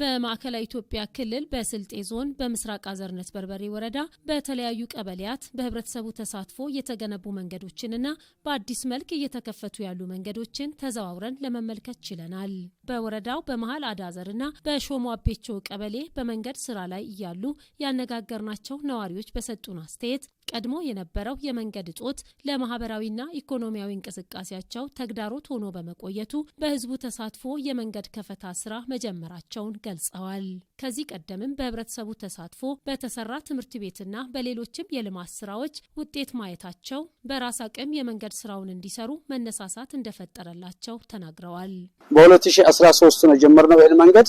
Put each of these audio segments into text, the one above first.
በማዕከላዊ ኢትዮጵያ ክልል በስልጤ ዞን በምስራቅ አዘርነት በርበሬ ወረዳ በተለያዩ ቀበሌያት በህብረተሰቡ ተሳትፎ የተገነቡ መንገዶችንና በአዲስ መልክ እየተከፈቱ ያሉ መንገዶችን ተዘዋውረን ለመመልከት ችለናል። በወረዳው በመሀል አዳዘርና በሾሞ አቤቾ ቀበሌ በመንገድ ስራ ላይ እያሉ ያነጋገርናቸው ነዋሪዎች በሰጡን አስተያየት ቀድሞ የነበረው የመንገድ እጦት ለማህበራዊና ኢኮኖሚያዊ እንቅስቃሴያቸው ተግዳሮት ሆኖ በመቆየቱ በህዝቡ ተሳትፎ የመንገድ ከፈታ ስራ መጀመራቸውን ገልጸዋል። ከዚህ ቀደምም በህብረተሰቡ ተሳትፎ በተሰራ ትምህርት ቤትና በሌሎችም የልማት ስራዎች ውጤት ማየታቸው በራስ አቅም የመንገድ ስራውን እንዲሰሩ መነሳሳት እንደፈጠረላቸው ተናግረዋል። በ2013 ነው የጀመርነው ይህን መንገድ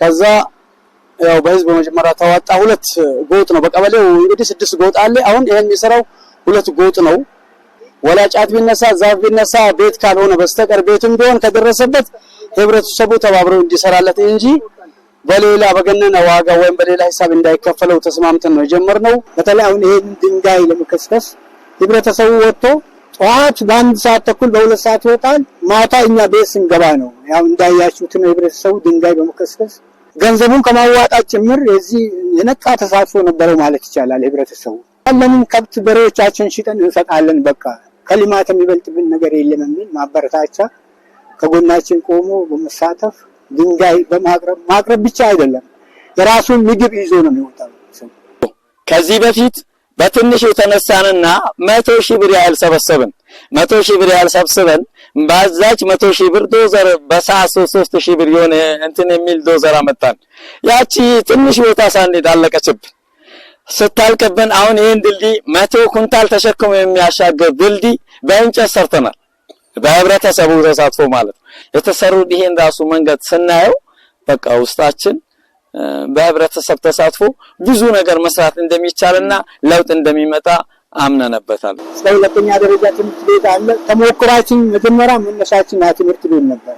ከዛ ያው በህዝብ በመጀመሪያ ተዋጣ። ሁለት ጎጥ ነው በቀበሌው እንግዲህ ስድስት ጎጥ አለ። አሁን ይሄን የሚሰራው ሁለት ጎጥ ነው። ወላጫት ቢነሳ ዛፍ ቢነሳ ቤት ካልሆነ በስተቀር ቤትም ቢሆን ከደረሰበት ህብረተሰቡ ተባብሮ እንዲሰራለት እንጂ በሌላ በገነነ ዋጋ ወይም በሌላ ሂሳብ እንዳይከፈለው ተስማምተን ነው የጀመርነው። በተለይ አሁን ይሄን ድንጋይ ለመከስከስ ህብረተሰቡ ወጥቶ ጠዋት በአንድ ሰዓት ተኩል በሁለት ሰዓት ይወጣል። ማታ እኛ ቤት ስንገባ ነው ያው እንዳያችሁት ነው ህብረተሰቡ ድንጋይ በመከስከስ ገንዘቡን ከማዋጣት ጭምር የዚህ የነቃ ተሳትፎ ነበረው ማለት ይቻላል። ህብረተሰቡ ያለንን ከብት በሬዎቻችን ሽጠን እንሰጣለን፣ በቃ ከልማት የሚበልጥብን ነገር የለም የሚል ማበረታቻ ከጎናችን ቆሞ በመሳተፍ ድንጋይ በማቅረብ ማቅረብ ብቻ አይደለም፣ የራሱን ምግብ ይዞ ነው የሚወጣው። ከዚህ በፊት በትንሽ የተነሳንና መቶ ሺህ ብር ያህል ሰበሰብን። መቶ ሺህ ብር ያህል ሰብስበን ባዛች መቶ ሺ ብር ዶዘር በሰዓት ሶስት ብር የሆነ እንትን የሚል ዶዘር አመጣን። ያቺ ትንሽ ቦታ ሳንሄድ አለቀችብን ስታልቅብን። አሁን ይህን ድልድይ መቶ ኩንታል ተሸክሞ የሚያሻገር ድልድይ በእንጨት ሰርተናል። በህብረተሰቡ ተሳትፎ ማለት ነው የተሰሩ ይሄን ራሱ መንገድ ስናየው በቃ ውስጣችን በህብረተሰብ ተሳትፎ ብዙ ነገር መስራት እንደሚቻልና ለውጥ እንደሚመጣ አምነንበታል። እስከ ሁለተኛ ደረጃ ትምህርት ቤት አለ። ተሞክሯችን መጀመሪያ መነሻችን ትምህርት ቤት ነበረ።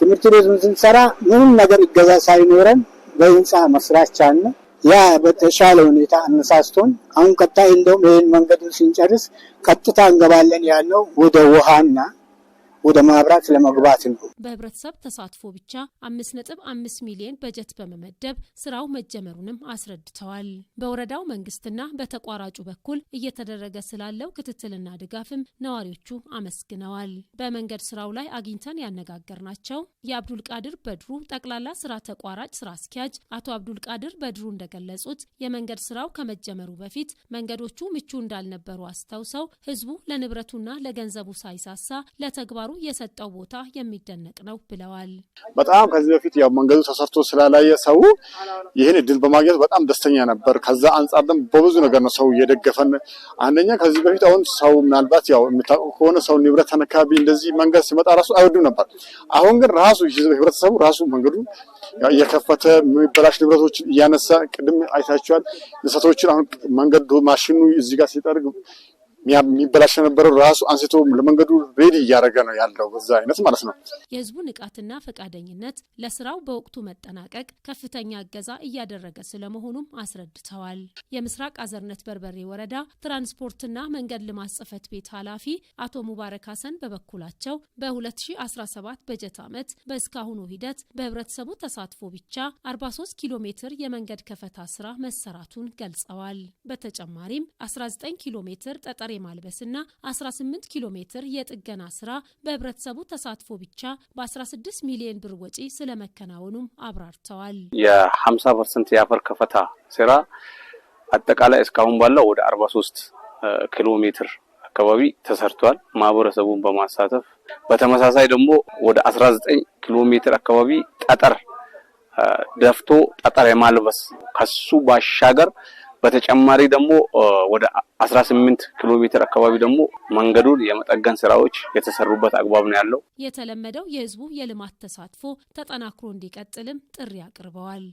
ትምህርት ቤት ስንሰራ ምንም ነገር እገዛ ሳይኖረን በህንፃ መስራት ቻልን። ያ በተሻለ ሁኔታ አነሳስቶን አሁን ቀጣይ እንደውም ይህን መንገድ ስንጨርስ ቀጥታ እንገባለን ያለው ወደ ውሃና ወደ ማብራት ለመግባት ነው። በህብረተሰብ ተሳትፎ ብቻ አምስት ነጥብ አምስት ሚሊዮን በጀት በመመደብ ስራው መጀመሩንም አስረድተዋል። በወረዳው መንግስትና በተቋራጩ በኩል እየተደረገ ስላለው ክትትልና ድጋፍም ነዋሪዎቹ አመስግነዋል። በመንገድ ስራው ላይ አግኝተን ያነጋገር ናቸው ቃድር በድሩ ጠቅላላ ስራ ተቋራጭ ስራ አስኪያጅ አቶ አብዱል ቃድር በድሩ እንደገለጹት የመንገድ ስራው ከመጀመሩ በፊት መንገዶቹ ምቹ እንዳልነበሩ አስታውሰው ህዝቡ ለንብረቱና ለገንዘቡ ሳይሳሳ ለተግባሩ አመራሩ የሰጠው ቦታ የሚደነቅ ነው ብለዋል። በጣም ከዚህ በፊት ያው መንገዱ ተሰርቶ ስላላየ ሰው ይህን እድል በማግኘት በጣም ደስተኛ ነበር። ከዛ አንጻር ደግሞ በብዙ ነገር ነው ሰው እየደገፈን። አንደኛ ከዚህ በፊት አሁን ሰው ምናልባት ያው የምታውቀው ከሆነ ሰው ንብረት ተነካቢ እንደዚህ መንገድ ሲመጣ ራሱ አይወድም ነበር። አሁን ግን ራሱ ህብረተሰቡ ራሱ መንገዱ እየከፈተ የሚበላሽ ንብረቶችን እያነሳ ቅድም አይታችኋል። እንስሳቶችን አሁን መንገዱ ማሽኑ እዚህ ጋር ሲጠርግ የሚበላሽ የነበረው ራሱ አንስቶ ለመንገዱ ሬዲ እያደረገ ነው ያለው። በዛ አይነት ማለት ነው የህዝቡ ንቃትና ፈቃደኝነት ለስራው በወቅቱ መጠናቀቅ ከፍተኛ እገዛ እያደረገ ስለመሆኑም አስረድተዋል። የምስራቅ አዘርነት በርበሬ ወረዳ ትራንስፖርትና መንገድ ልማት ጽህፈት ቤት ኃላፊ አቶ ሙባረክ ሀሰን በበኩላቸው በ2017 በጀት ዓመት በእስካሁኑ ሂደት በህብረተሰቡ ተሳትፎ ብቻ 43 ኪሎ ሜትር የመንገድ ከፈታ ስራ መሰራቱን ገልጸዋል። በተጨማሪም 19 ኪሎ ሜትር ጠጠር ዶላር የማልበስና 18 ኪሎ ሜትር የጥገና ስራ በህብረተሰቡ ተሳትፎ ብቻ በ16 ሚሊዮን ብር ወጪ ስለመከናወኑም አብራርተዋል። የ50 ፐርሰንት የአፈር ከፈታ ስራ አጠቃላይ እስካሁን ባለው ወደ 43 ኪሎ ሜትር አካባቢ ተሰርቷል። ማህበረሰቡን በማሳተፍ በተመሳሳይ ደግሞ ወደ 19 ኪሎ ሜትር አካባቢ ጠጠር ደፍቶ ጠጠር የማልበስ ከሱ ባሻገር በተጨማሪ ደግሞ ወደ 18 ኪሎ ሜትር አካባቢ ደግሞ መንገዱን የመጠገን ስራዎች የተሰሩበት አግባብ ነው ያለው። የተለመደው የህዝቡ የልማት ተሳትፎ ተጠናክሮ እንዲቀጥልም ጥሪ አቅርበዋል።